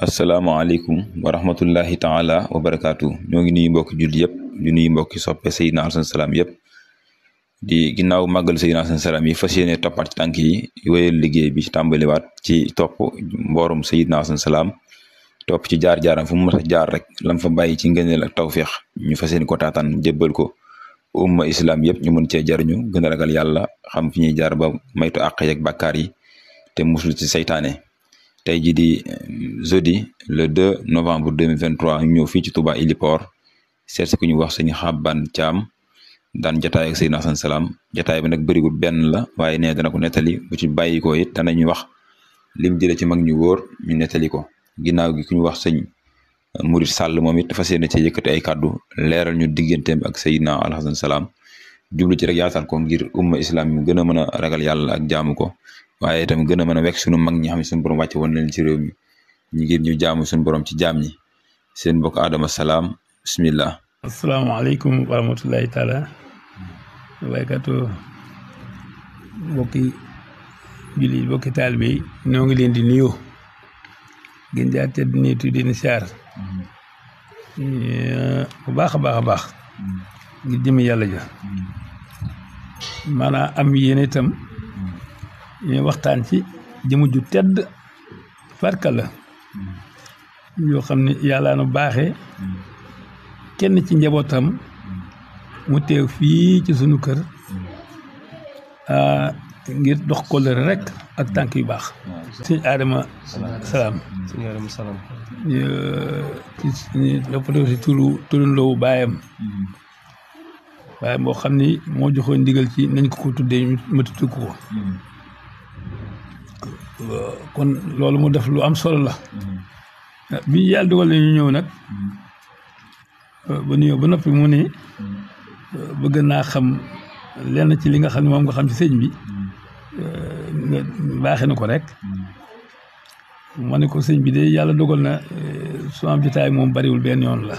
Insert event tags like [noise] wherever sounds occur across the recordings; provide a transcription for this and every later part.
Assalamualaikum warahmatullahi taala wabarakatuh. ñu ngi nuyu mbokk jull yëpp ñu nuyu mbokk soppé sayyidina Alasaan salam yëpp di ginnaw magal sayyidina Alasaan salam yi fas topat ci tanki yi wéyal liggéey bi wat ci top mborom sayyidina Alasaan salam top ci jaar-jaaram fu mu jaar rek lam fa bayyi ci ngeenel ak tawfiq ñu fas ko tatan jébbal ko umma islam yëpp ñu mën ci jariñu gën a ragal yalla xam fi ñi jaar ba maytu àq yeeg bàkkaar yi te musul ci saytane tey jii di euh, jeudi le 2 novembre 2023 ñu ñëw fii ci Touba Ilipor seet si ku ñu wax sëñ Xabban Caam daan jataay ak Seydina Asan Salaam jataay bi nag bëriwul benn la waaye nee dana ko nettali bu ci bàyyi ko it danañu wax lim jëlee ci mag ñu wóor ñu nettali ko ginnaaw gi ku ñu wax sëñ euh, Murit Sàll moom it fas yéene ci yëkkati ay kàddu leeral ñu digganteem ak Seydina Alxasan Salaam djublu ci rek yaatal ko ngir umma islam mi gëna mëna ragal yalla ak jaamu ko waye tam gëna mëna mën suñu mag ñi xam suñu borom wacc won leen ci rew mi ñi ngir ñu jaamu suñu borom ci jaam ñi seen bokk aadama salaam bismillah alaykum wa rahmatullahi taala wabarakatu mbokki julli mbokki taalibe yi noo ngi leen di nuyu gën jaa tedd nii tuddi ni ya bu baax baax baax ngir ja man am yéen itam ñu waxtaan ci jëmu ju tedd farka la yoo xam ne yàlla nu baaxee kenn ci njabootam mu teew fii ci sunu kër ngir dox ko la rek ak tànk yu baax. sëñ Adama salaam. ci ñu toppatoo si turu turandoowu baayam. waaye moo xam ni moo joxoon ndigal ci nañ ko ko tuddee ma tudd ko kon loolu mu def lu am solo la bi yàlla dogal na ñu ñëw nag ba nuyoo ba noppi mu ne bëgg naa xam lenn ci li nga xam ne moom nga xam ci sëñ bi baaxe na ko rek ma ne ko sëñ bi de yàlla dogal na su am jotaay moom bariwul benn yoon la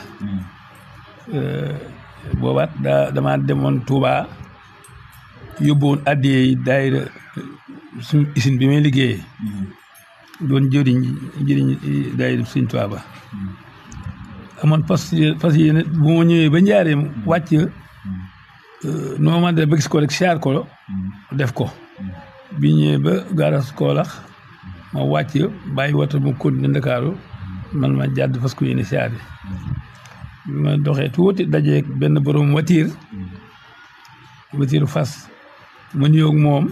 boobaat daa dama demoon Touba yóbbuwoon addiyee daayira suñu usine bi may liggéeyee hmm. doon jëriñ jëriñ eh, daayira Sëñ Touba ba hmm. amoon fas fas yéene bu ma ñëwee ba njaareem wàcc hmm. eh, noo ma de ba siyaar ko def ko bi ñëwee ba garas koolax ma wàcc bàyyi wata mu continuer Ndakaaru man ma jàdd fas ko yéene bi ma doxee tuuti dajeeg benn borom watiir watiiru fas ma nuyoog moom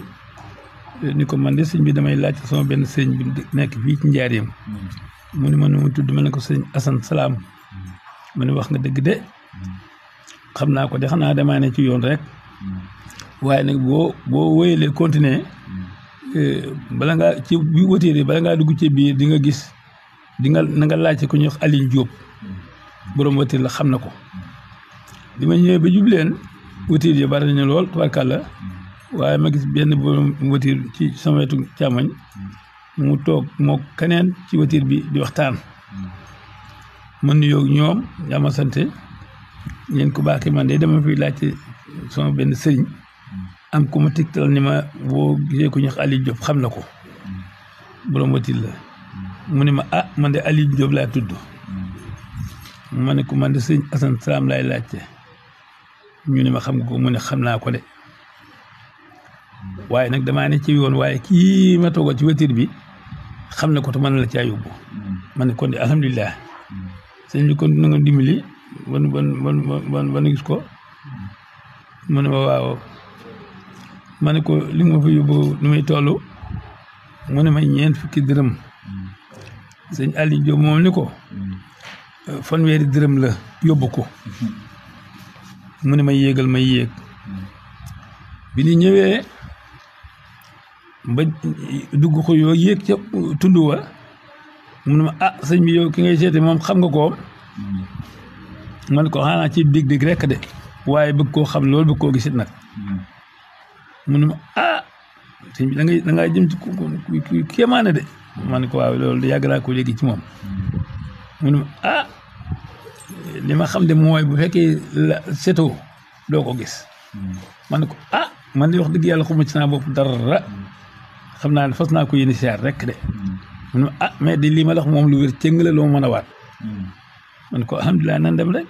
ni ko man de sëñ bi damay laaj sama benn sëñ bi nekk fii ci njaareem mu ni ma nu mu tudd ma ne ko sëñ Assane Salaam mu ne wax nga dëgg de xam naa ko de xanaa damaa ne ci yoon rek waaye nag boo boo wéyalee continuer eh, bala ngaa ci bi yi bala ngaa dugg ci biir di nga gis dinga nanga laajte ku ñuy wax Aliou Diop borom watiir la xam na ko bi ma ñëwee ba jubleen watiir yi bari nañu lool tubarkàlla waaye ma gis benn borom watiir ci sama wetu càmmoñ mu toog moo keneen ci watiir bi di waxtaan mën nuyoo ñoom dama sante ñeen ko baaxee man de dama fi laajte sama benn sëriñ am ku ma ni ma boo gisee ko ñax Aliou Diop xam na ko borom watiir la mu ne ma ah man de Aliou Diop laa tudd ma ne ko man de sëñ Assane Salam lay laajte ñu ne ma xam nga ko mu ne xam naa ko de waaye nag damaa ne ci yoon waaye kii ma toogal ci wetir bi xam na ko te mën na la caa yóbbu ma ne kon de sëñ bi kon dina nga dimbali ban ban gis ko mu ma waaw ma ne ko li nga ma fa yóbbu nu muy toll mu ne may ñeent fukki dërëm sëñ Aliou Diop moom ni ko. fanweeri dërëm la yóbbu ko mu ne may yéegal may yéeg bi ñu ñëwee ba dugg ko yoo yéeg ca tund wa mu ma ah sëñ bi yow ki ngay seete moom xam nga ko man ko xanaa ah, ci dig-dig rekk de waaye bëgg koo xam loolu bëgg koo gis nag mu ne ma ah sëñ bi da ngay da ngaa jëm ci kéemaane de man ko waaw loolu yàgg naa ko léegi ci moom mu ne ah li ma xam de mooy bu fekkee la setoo doo ko gis man ne ko ah man di wax dëgg yàlla xuma ci naa bopp dara xam naa ne fas naa ko yéene siyaar rek de mu ne ah mais di lii ma la moom lu wér cëng loo mën a waat man ko alhamdulilah nan dem rek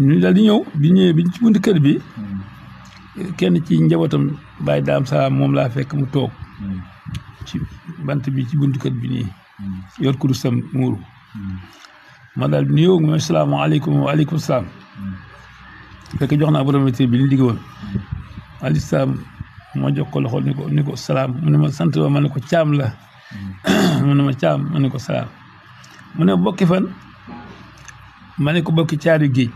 ñu daal di ñëw bi ñëwee bi ñu ci bunt kër bi kenn ci njabootam bàyyi daam saa moom laa fekk mu toog ci bant bi ci bunt kër bi nii Mm. yor kurusam muuru mm. ma daal bi nuyoo mooy salaamaaleykum waaleykum salaam mm. fekk jox naa barométrie bi li ñu digg woon Aliou Sam ma jox ko loxo ni ni ko salaam mu ne ma sant ba ma ne ko caam la [coughs] mu ne ma caam ma ne ko salaam mu ne bokki fan ma ne ko bokki caari géej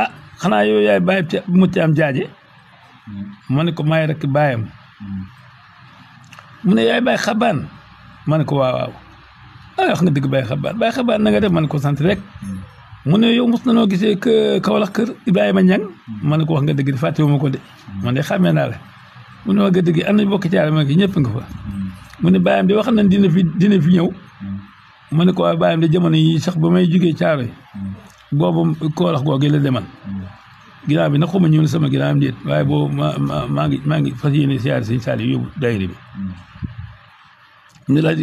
ah xanaa yow yaay bàyyi mu caam jaaje ma ne ko maay rekk bàyyam mu ne yaay bàyyi xabaan ma ne ko waaw waaw ah wax nga dëgg Baye Xabaar Baye Xabaar na nga def ma ne ko sant rek mu ne yow mos nanoo gisee Kaolack kër Ibrahima Niang ma ne ko wax nga dëgg di fàttewuma ko de man de xàmmee naa la mu ne wax nga dëgg am nañ bokk caare ma ne ko ñëpp nga fa mu ne baayam di wax nañ dina fi dina fi ñëw ma ne ko waaye baayam de jamono yi sax ba may jugee caaro yi boobu Kaolack googu la demal ginnaaw bi nag xuma ñëw na sama ginnaawam déet waaye boo ma ma maa ngi maa ngi fas yéene siyaare sëñ Saliou yóbbu daayira bi ñu laaj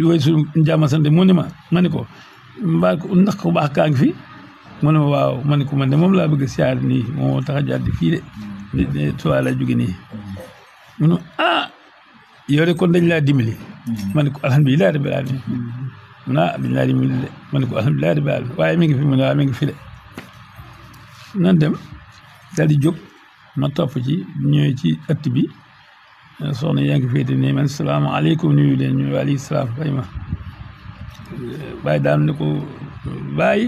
yooyu suñu njaama ma ma ne ko mbaa ndax ku baax kaa ngi fi mu ne ma waaw ma ne ko man moom laa bëgg siyaar nii moo tax a jaar di fii de di Tuubaa laa jóge nii mu ah yow de kon dañ laa dimbali mm-hmm. ma ne ko alhamdulilah rabbil alamin mm-hmm. mu ne ah dañ laa dimbali de ma ne ko alhamdulilah rabbil alamin waaye mi ngi fi mu ne waaw mi ngi fi de nan dem daal di ma topp ci ñëwee ci ëtt soxna yaa ngi féete ne man salaamaaleykum nuyu leen ñu waaleykum salaam fay ma daal ne ko bàyyi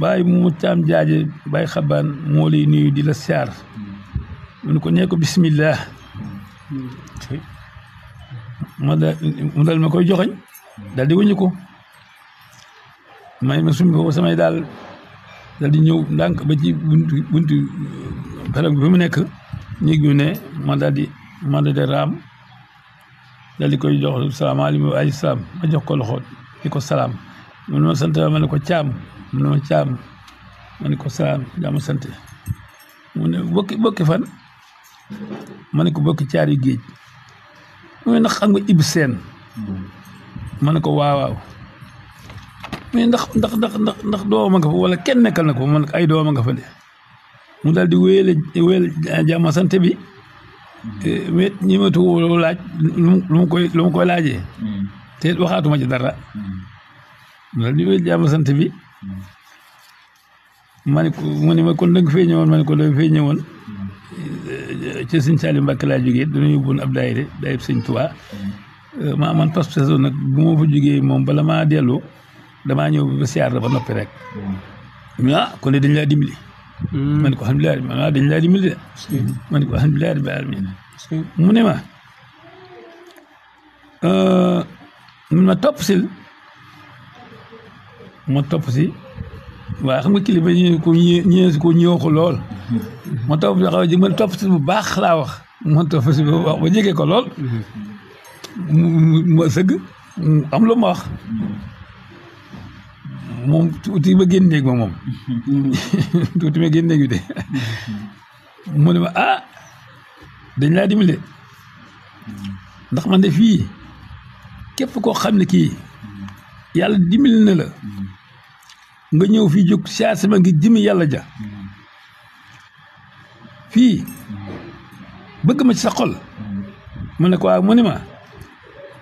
bàyyi mu muccaam jaaje bàyyi xabaan moo lay nuyu di la siyaar mu ko nekk ko bismillah ma mu dal ma koy joxoñ dal di wëññi ko may ma summi ko samay daal dal di ñëw ndànk ba ci buntu buntu barab bi mu nekk ñiggune ma daldi ma daldi raam daldi koy jox salaamaaleykum wa alayhi salaam ma jox ko loxo di ko salaam mu ne ma sant ma ne ko caam mu ne ma caam ma ne ko salaam yaa ma sant mu ne bokki bokki fan ma ne ko bokki caari géej mu ndax xam nga Ibou seen ma ne ko waawaaw mais ndax ndax ndax ndax doomam nga fa wala kenn nekkal na ko man ay doomam nga fa de mu daal di wéyale wéyal jàmm sant bi wéet mm. eh, ñi laaj lu mu koy lu mu mm. te waxaatuma ji dara mu mm. daal di wéyal jàmm sant bi ma ne ko mu ne kon danga fee ñëwoon ma ne ko danga fee ñëwoon eh, ci sëñ Saliou Mbacke laa jógee dana yóbbuwoon ab daayira daayib sëñ Tuubaa maa eh, man pas pas nag bu ma fa jógee moom bala maa dellu damaa ñëw ba siyaar ba noppi rek ah kon dañ laa dimbali మనకు అహంలారి మన బిందాది మిల్ మనకు అహంలారి బార్మిన منما آه لما تفصل ما تفصل waaye xam nga kilifa ñi ko ñees ko ñooxu lool moo tax ba xaw ji mën topp si bu baax laa wax moo topp si bu baax ba jege ko lool ma sëgg am lu ma wax moom tuuti ba génn néeg ba moom [laughs] tuuti ba génn néeg bi de mu ne ma ah dañ laa dimbale ndax man de fii képp koo xam ne kii yàlla dimbali na la nga ñëw fii jóg saa sama ngi jëmi yàlla ja fii bëgg ma ci sa xol mu ne ko waaw ah, mu ne ma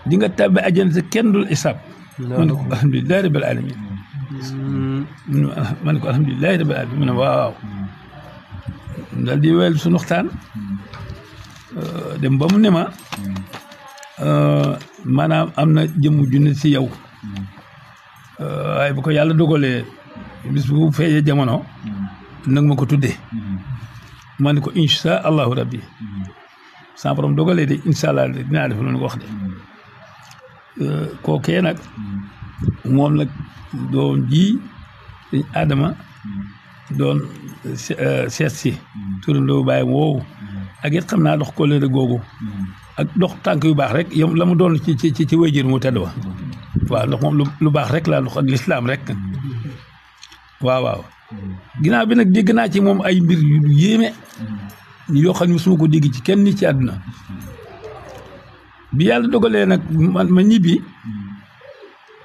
di nga tàbbi àjjana te kenn dul isaab mu ne ko alhamdulilah rabbil alamin Mm. Mm. Ah, ma ne ko alhamdulilahi rabbil alamin mu ne waaw mm. daal di wéyal suñu waxtaan dem ba mu ne ma euh, maanaam am na jëmm ju ne si yow euh, waaye bu ko yàlla dogalee bis bu feeñee jamono nag ma ko tuddee ma ne ko incha allahu rabbi sa borom dogalee de incha allah dinaa def lu ñu ko wax de euh, kookee nag moom nag doom ji sëñ Adama doon euh, seet si mm-hmm. turandoo bàyyi woowu mm-hmm. ak it xam naa dox kóllëre googu mm-hmm. ak dox tànk yu baax rek yow la mu doon ci ci ci wéyjër mu tedd wa waaw ndax moom lu baax rek laa dox ak lislaam rek waaw waaw ginnaaw bi nag dégg naa ci moom ay mbir yu yéeme yoo xam ne su ko dégg ci kenn ci àdduna bi yàlla dogalee nag man ma ñibbi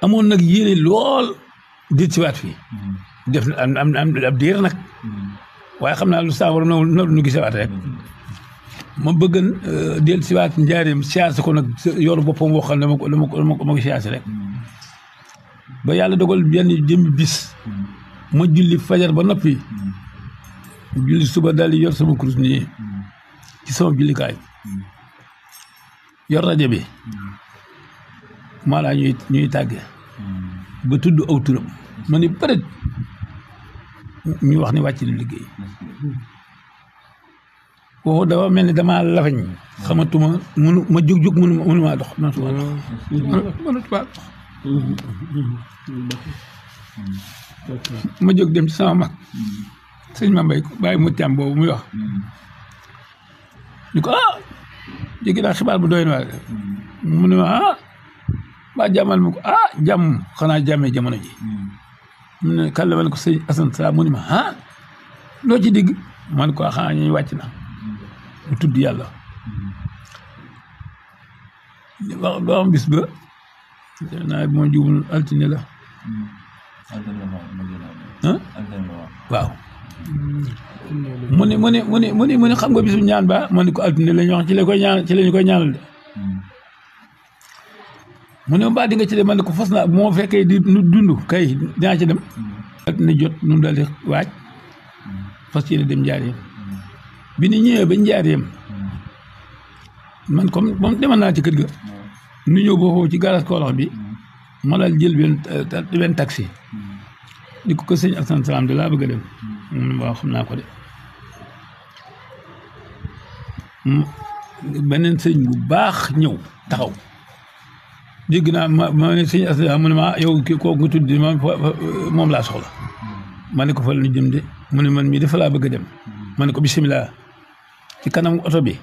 amoon nag yéene lool di ci waat fii mm-hmm. def na am am ab nag mm-hmm. waaye xam naa lu saa war na na nu rek mm-hmm. ma bëgg euh, del si waat njaareem siyaase ko nag yoonu boppam woo xam ne dama ko dama ko dama ko siyaase rek ba yàlla dogal benn jëmmi bis ma julli fajar ba noppi julli suba daal di yor sama kurus nii ci sama jullikaay yor rajo bi maa laa ñuy ñuy tàgge ba tudd aw turam ma ni ñu wax ni wàcc na liggéey boobu dafa mel ni dama lafañ xamatuma munu ma jóg jóg munu mënumaa dox mënatuma dox ma jóg dem ci sama mag sëñ ma mbay bàyyi mu tàmm boobu muy wax ñu ko ah jéggi naa xibaar bu doy na waaye mu ba jàmmal mu ko ah jàmm xanaa jàmmee jamono ji mu ne kàlla ma ko sëñ Assane saa mu ne ma ah loo ci digg man ko ah, xanaa ñu wàcc na mu tudd yàlla wax ba am bis ba naa moo juumul altine la waaw mu ne mu ne mu ne mu ne ñaan ba man ko altine lañ wax ci la koy ñaan ci lañ koy ñaanal de mu ne mbaa di nga ci dem man ne ko fas naa moo fekkee di nu dund kay dinaa ci dem. daal jot nu mu daal waaj fas yéene dem njaareem bi ni ñëwee ba njaareem man comme moom demal naa ci kër ga. nu ñëw ba ci garas koolax bi ma daal jël benn benn taxi. di ko ko sëñ Assane Salam de laa bëgg a dem. waaw xam naa ko de. beneen sëñ bu baax ñëw taxaw. dégg naa ma ma ne sëñ Asda mu ne ma ah, yow kii kooku nga tudd ma moom laa soxla ma ne ko fa la jëm de mu ne man mii dafa laa bëgg a dem ma ne ko bisimilah ci kanam oto bi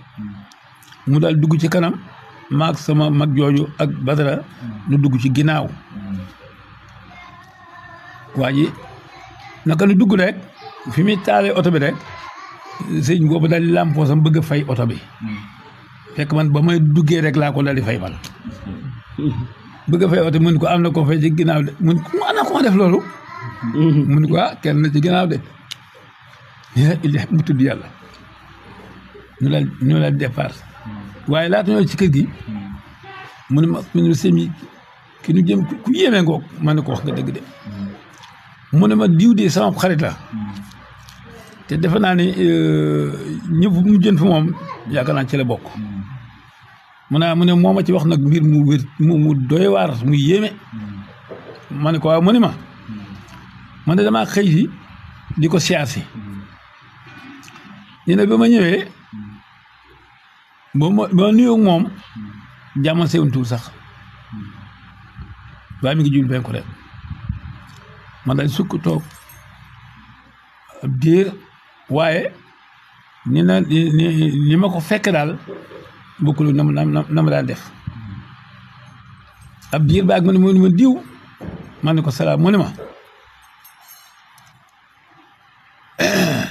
mu daal dugg ci kanam maag sama mag jooju ak Badara nu dugg ci ginnaaw waa ji naka nu dugg rek fi muy taalee oto bi rek sëñ boobu daal di làmpoo sam bëgg fay oto bi hmm. fekk man ba may duggee rek laa ko daal di fay man bëgg a oto mun ko am na ko fay ci ginnaaw de mun ko ana ko def loolu ah, kenn ci ginnaaw de il mu tudd yàlla ñu la ñu la départ waaye laata ñoo ci kër gi mu ne ma mu ne sëñ bi ki ñu ne ko wax nga dëgg de mu ne ma diw di sama xarit la te defe naa ne euh, ñëpp mu jën fi moom yaakaar naa ci la bokk mu ne ah, mu ne moo ma ci wax nag mbir mu wér mu doy waar mu yéeme ma ne ko waaw mu ne ma man de damaa xëy si di ko siyaar si ñu ne ba ma ñëwee ba ma ba moom jàmmoon seen tuur sax waaye mi ngi jublu penku rek man dañ sukk toog diir waaye ni na ni ma ko fekk daal bokkul na ma na ma daan def ab diir ba ak diw man ne ko salaam mu ne ma [clears throat]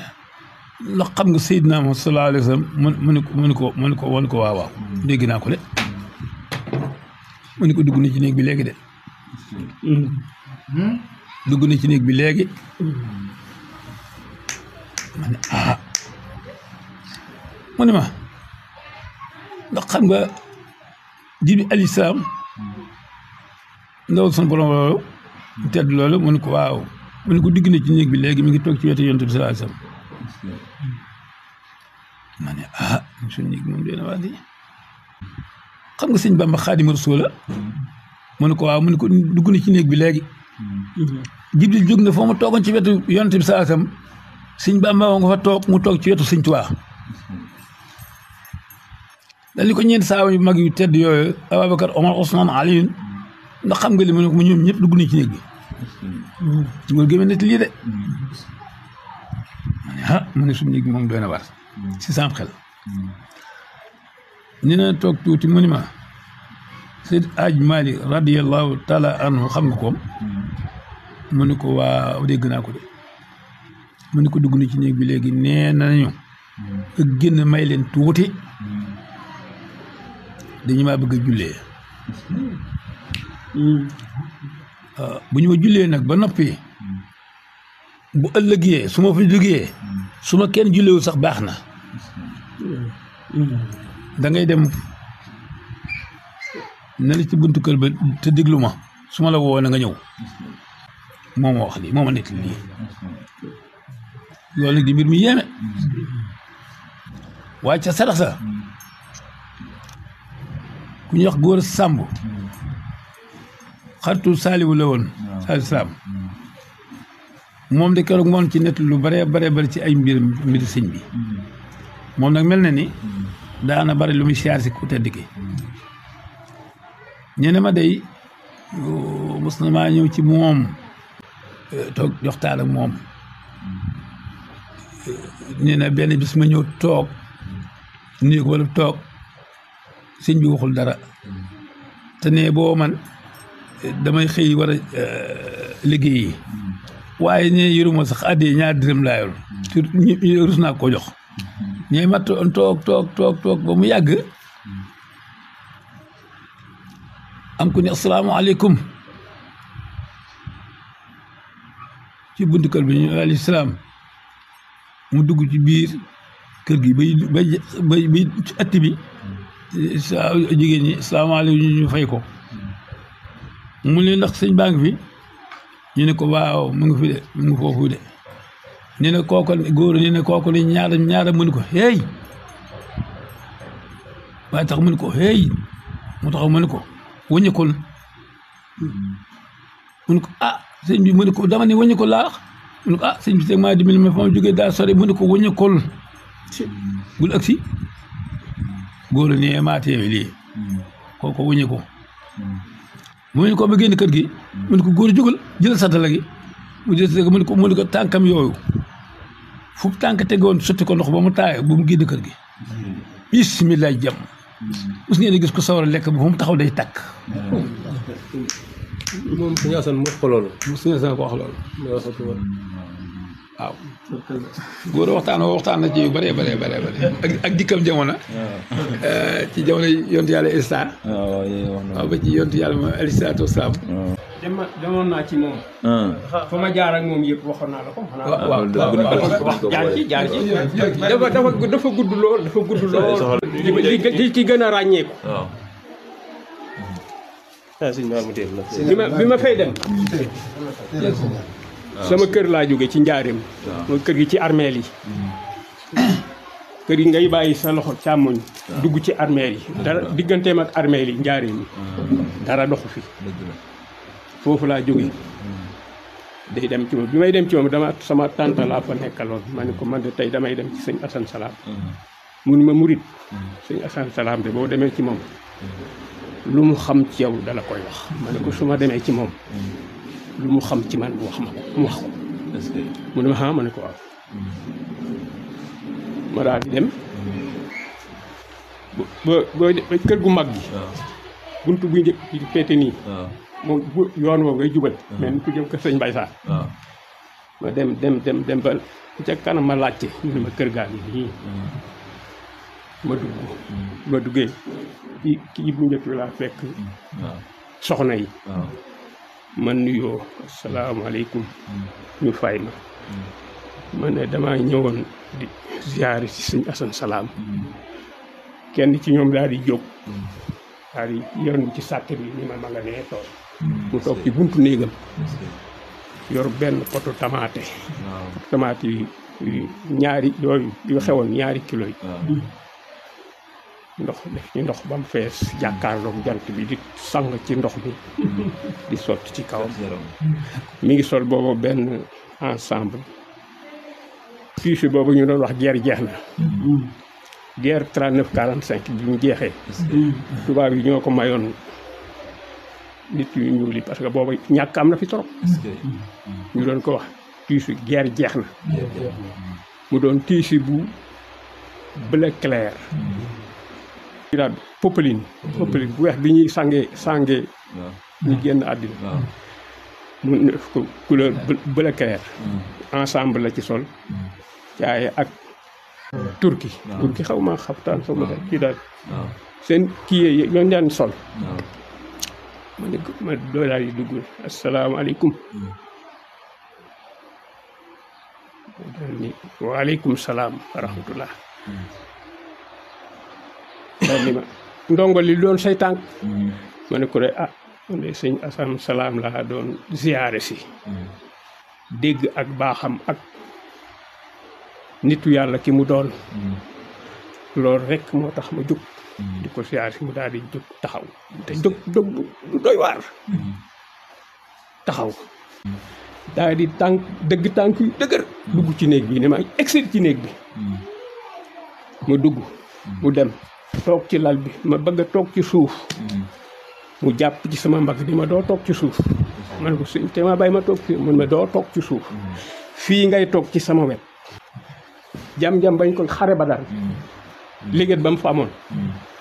ndax xam nga Seydina Muhammad sallallahu alayhi wa mu ne mu ne ko mu ko wan ko waaw waaw naa ko de mu ko dugg ci néeg bi léegi de dugg ci néeg bi léegi ma ne ah ma xam nga jibi alislaam ndaw suñu borom loolu tedd loolu mu ko waaw mu ne ko digg na ci néeg bi léegi mi ngi toog ci wetu yonent bi sallallahu alayhi wasallam ma ne ah xam nga sëñ Bamba Xaadimu Rasuul la mu ne ko waaw mu ne ko dugg ci néeg bi léegi jóg na foo mu toogoon ci wetu yonent bi sallallahu alayhi wasallam fa toog mu toog ci wetu sëñ waa dal li ko ñeenti saaba yu mag yu tedd yooyu Ababacar Omar Ousmane Aliyun ndax xam nga li mu ne ko mu ñëpp dugg nañ ci néeg bi mm-hmm. ngor gémé na lii de mm-hmm. ma ne ah mu ne suñu néeg bi moom doy na war mm-hmm. si sam xel ñu ne toog tuuti mu ni ma Seydi Aj Malik radiyallahu taala xam nga koom mu ne ko waaw dégg naa ko de mu ni ko dugg na ci néeg bi léegi nee nañu ak génn may leen tuuti dañu maa bëgg a jullee hmm. ah, bu ñu ma jullee nag ba noppi bu ëllëgee su ma fa jógee su ma kenn julleewul sax baax na dangay ngay dem ne la ci buntu kël ba te déglu ma su ma la woo a nga ñëw moo ma wax lii moo ma nekk lii loolu nag di mbir mi yéeme waaye sarax sa bu ñuy wax góor sàmb xaritu saaliwu la woon saali sàmb moom de keroog moom ci nett lu bare bare bare ci ay mbir mbir sëñ bi moom nag mel na ni daana bari lu muy siyaar si ku tedd ki ñene ma day mos na ñëw ci moom toog joxtaan ak moom nee benn bis ma ñëw toog nuyu ko toog sëñ bi waxul dara te ne boo man damay xëy war a euh, liggéeyi waaye ñee yoruma sax addi ñaar dërëm laa rus naa ko jox ñee mat toog toog toog ba mu yàgg am ku ne asalaamaaleykum ci buntu kër bi ñu alayhi salaam mu dugg ci biir kër gi bay bay bay atti bi sa jigéen ñi salaamaaleykum ñu fay ko mu ne ndax sëñ baa ngi fi ñu ne ko waaw mu ngi fi de mu ngi foofu de ñu ne kooku góor ñu ne kooku ne ñaara ñaara mën ko hey waaye tax mën ko hey mu taxaw mën ko wëññeekul mën ko ah sëñ bi mën ko dama ne wëññeekul laax mën ko ah sëñ bi teg maa dimbali ma fa ma jógee daal sori mën ko wëññeekul bul agsi góor ñee maate yooyu lii hmm. kooku hmm. wuñu ko ba génn kër gi hmm. mu ko góor jógal jël satala gi ko mu ne ko tànk tegoon sotti ko ndox ba mu taay ba mu génn kër gi bismillah jam gis ko sawar a lekk ba taxaw day tàkk moom suñu asan moo ko loolu waxtaan waxtaan na ci yu bëree bëree bëree bëri ak dikkam jamono Euh, ci jamono yontu yàlla Isaa. Ah, waaw waaw ba ci yontu yàlla moom alayhi salaatu ah. dem demoon naa ci moom. Ah. fa ma jaar moom yëpp waxoon naa la ko. waaw jaar ci jaar ci. dafa dafa gudd lool dafa gudd lool. li ci gën a ràññeeku. waaw. bi ma bi ma fay dem. sama kër laa jóge ci njaarim. sama kër gi ci armeel yi. Mm-hmm. kër yi ngay bàyyi sa loxo càmmoñ dugg ci armeel yi dara digganteem ak armeel yi njaaree mi dara doxu fi foofu laa jóge hmm. day dem ci moom bi may dem ci moom dama sama tànta laa fa nekkaloon ma ne ko man tey damay dem ci sëñ Assane Salam hmm. ni ma murit hmm. sëñ Assane de boo demee ci moom lu mu xam ci yow dala koy wax ma ne ko su ma demee ci moom lu mu xam ci man wax ma ko mu wax mu ne ma ah ma ne ko waaw ma di dem bo bo keur gu mag buntu bu njëkk ci pété ni mo yoon wo ngay jubal mais ku jëm kër señ bay sa ma dem dem dem dem ba ca kanam ma laccé ñu ma keur gaa ngi nii ma dugg ma duggé ci kii bu njëkk bi fekk soxna yi man nuyo assalamu alaykum ñu fay ma ma ne damaa ñëwoon di ziyaare ci sëñ Asan Salaam kenn ci ñoom daal di jóg daal di yoon ci sàkk bi ni ma ma nga mu toog ci buntu néegam yor benn potu tamaate tamaate yi ñaari yooyu yu xewoon ñaari kilo yi ndox def ci ndox ba mu fees jàkkaarloog jant bi di sang ci ndox mi di sotti ci kawam mi ngi sol boobu benn ensemble fiisu boobu ñu doon wax guerre jeex na mm. guerre 39 45 bi mu jeexee mm. tubaab yi ñoo ko mayoon nit yu ñuul parce que boobu ñàkk am na fi trop ñu doon ko wax tiisu guerre jeex na mu doon tiisi bu bleu clair ñu mm. daal popeline bu weex bi ñuy sange sàngee ñu génn àddina mu def couleur bleu clair hmm. ensemble la ci sol hmm. ak turki hmm. turki xaw ma xaftaan xaw ki dal sen ki kii yoon sol ma ne ma do la yi dugg assalamu alaykum wa alaykum salam wa rahmatullah dal ni ma ndongo li doon ma ne ko ah ne sëñ asan salam la don ziyaare si dégg ak baaxam ak nitu yalla ki mu doon loolu rek moo tax ma juk diko ko si mu daal di jóg taxaw te jóg jóg doy war taxaw daal di tànk dëgg tànk yu dugg ci neeg bi ne ma exit ci neeg bi ma dugg mu dem tok ci lal bi ma bëgg tok ci suuf mu japp ci sama mbagg di ma do tok ci suuf man ko seigne ma bay ma tok fi mu ma do tok ci suuf fi ngay tok ci sama wet jam-jam bañ ko xare badar dal bam fa amone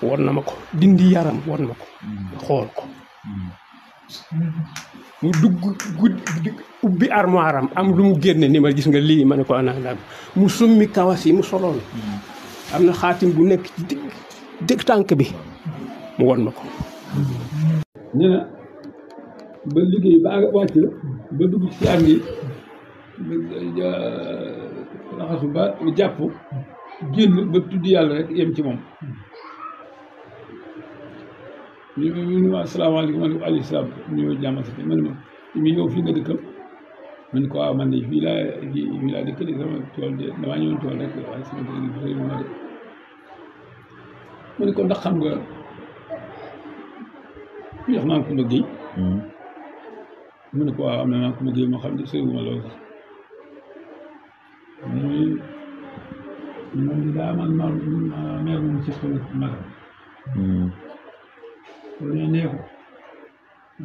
won na mako dindi yaram won mako xol ko mu dugg guddi ubbi armoire am am lu mu génne ni ma gis nga li man ko anaa mu summi kawasi mu soloon am khatim bu nek ci digg tank bi mu won mako nee ba liggéey ba wàcc ba dugg ci am gi raxasu ba jàpp génn ba tudd yàlla rek yem ci moom ñu ñu ma asalaamaaleykum ma ne ko alayhi salaam ñëw jàmm si mi yow fii nga dëkkal man ko waaw ah, man de fii laa fii laa dëkkal sama tool de damaa ñëwoon tool rek waaye sama tool ma ne ko ndax nga ndax maa ngi ko bëggee. mu ne ko waaw ah, am na maa ngi ne soriwuma loolu sax muy man de daa man maa maa meer hmm. baax a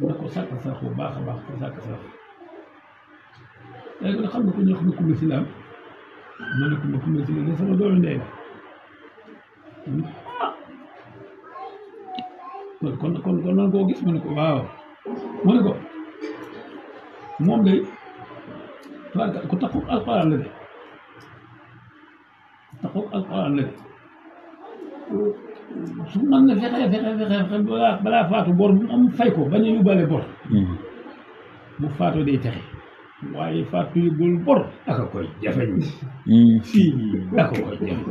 baax ko sàkk sax léegi nag xam nga ko ne Kumba Sylla ma ne Kumba Kumba Sylla de sama doomu ndey la. kon kon kon kon nan koo gis mu ne ko waaw mu ne ko moom de tabaraka ku taxaw alxuraan la de taxaw alxuraan la de su man na fexe fexe fexe balaa balaa faatu bor bu am fay ko bañ a yóbbaale bor mm-hmm. bu faatoo day texe waaye faatu yóbbul bor aka koy jafeñ mm-hmm. fii aka koy jafeñ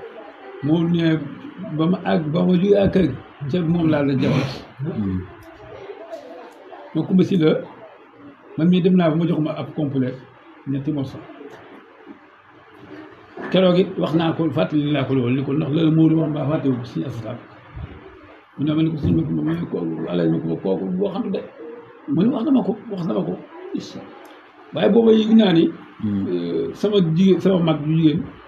[laughs] moom ñëwee ba ma àgg ba ma jógee ak kër ca moom laa la jabal ma kumba si la man mii dem naa ba ma jox ma ab complet ñetti morceau keroog it wax naa ko fàttali naa ko loolu ni ko ndax loolu moo di wax mbaa fàttali ko suñu askan mu ne ma ne ko suñu ma ko alal ma ko kooku boo xam ne mu wax na ma ko wax na ma ko waaye booba yëg naa ni. Hmm. Euh, sama jigéen sama mag bu jigéen.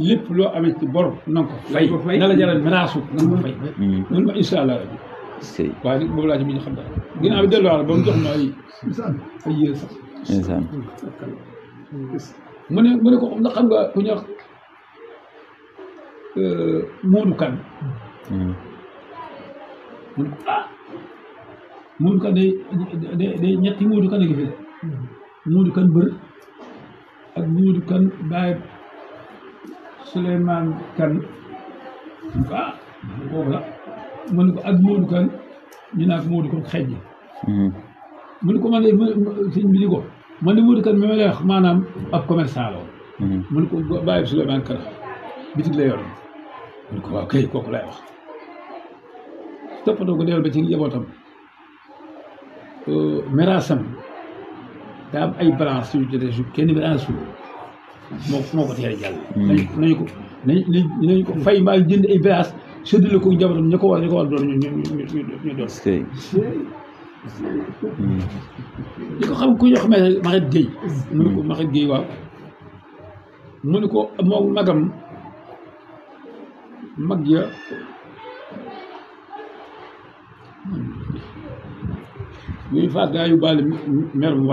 lépp loo amee ci bor na nga ko fay na la jaral menace na nga ko fay noonu ma incha allah rabi waaye nag boobu laa ci mujj xam dara ginnaaw bi delloo la ba mu jox ma ay ay yére sax insan mu ne mu ne ko ndax xam nga ku ñor Moodu Kan mu ne ko ah Moodu Kan day day day ñetti Moodu Kan a ngi fi de Moodu Kan bër ak Moodu Kan bàyyi Souleymane Kane mu ah, ko la mu ne ko ak Modou ñu naan ko ko xeej hmm. mu ko man de sëñ ko man de Modou Kane ma lay wax maanaam ab commerçant la hmm. mu ne ko bàyyi Souleymane Kane bitig la yoroon mu ne ko waaw kay kooku lay wax toppatoo ko dellu euh, daa ay branche yu jotee su kenn branche moo ko teel jàll. Hmm. nañu ko nañu ko fay mbaa jënd ay balaas séddale ko njabootam ñu ko war ñu ko war doon ñu ñu ñu ñu doon. li hmm. ko xam ku ñuy wax Maxet Gueye. Hmm. mu ne ko Maxet Gueye moom magam mag ya muy faa gaa yu baale mer mu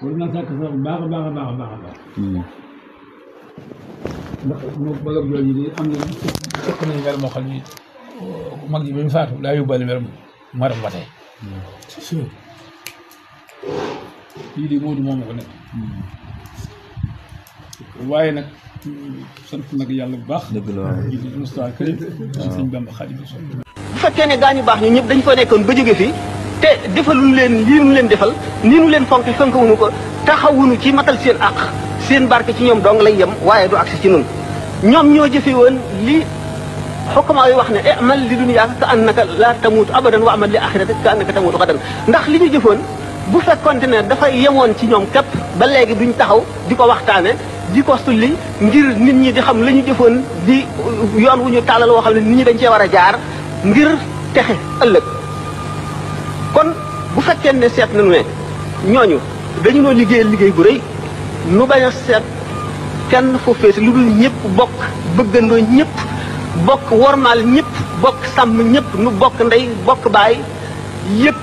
war naa sàkk sax bu baax a baax a baax a baax a baax ndax moo magam jooju di am na fekk nañu weer moo xam ni mag ji ba mu faatu daa yóbbaale weer maram ba tey lii di Moodu moom ko nekk hmm. waaye nag sant nag yàlla bu baax dëgg la waaye di Moustapha Karim ci sëñ Bamba Xaadim bu fekkee ne gaañu baax ñu ñëpp dañ ko nekkoon ba jóge fii te defaluñu leen lii nu leen defal nii nu leen fonk fonkewuñu ko taxawuñu ci matal seen àq seen barke ci ñoom dong lay yem waaye du agsi ci nun ñoom ñoo jëfe woon li xukkamaa yi wax ne amal li dunyaaka ka annaka la tamuutu abadan wa amal li axirata ka annaka tamuutu xadan ndax li ñu jëfoon bu fekkonte ne dafay yemoon ci ñoom képp ba léegi ñu taxaw di ko waxtaane di ko sulli ngir nit ñi di xam la ñu jëfoon di yoon wu ñu tàllal woo xam nit ñi dañ cee war a jaar ngir texe ëllëg kon bu fekkee ne seet nañu ne ñooñu dañu noo liggéeyal liggéey bu réy nu bañ a seet kenn foo fees lu dul ñëpp bokk bëggandoo ñëpp bokk wormaal ñëpp bokk sàmm ñëpp nu bokk ndey bokk baay yëpp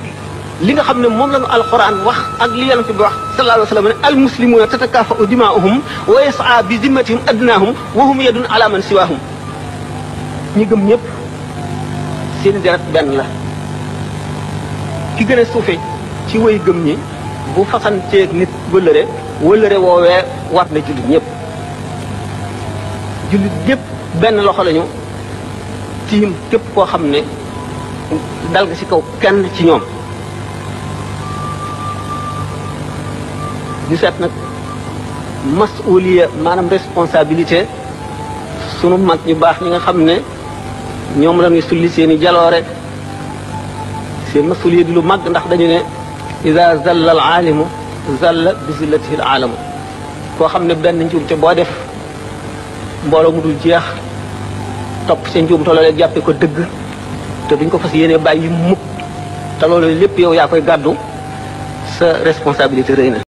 li nga xam ne moom la ñu alxuraan wax ak li yonent bi wax sallallahu alayhi wa sallam ne al muslimuuna tatakaafa'u dimaa'uhum wa yas'a bi zimmatihim adnaahum wa hum yadun ala man siwaahum ñi gëm ñëpp seen deret benn la ki gën a ci way gëm ñi bu fasanteeg nit wëllëre wëllëre woowee war na jullit ñëpp jullit ñëpp benn loxo lañu tiim képp koo xam ne dal nga ci kaw kenn ci ñoom ñu seet nag masuliya maanaam responsabilité sunu mag ñu baax ñi nga xam ne ñoom la ñuy sulli seeni jaloore fi masuliya di lu mag ndax dañu ne ida zalla al aalimu zalla bi zillatihi al aalamu koo xam ne benn njuumte boo def mbooloo mu dul jeex topp sa njuumte loolee jàppe ko dëgg te duñ ko fas yéene bàyyi mukk te loolu lépp yow yaa koy gàddu sa responsabilité rëy na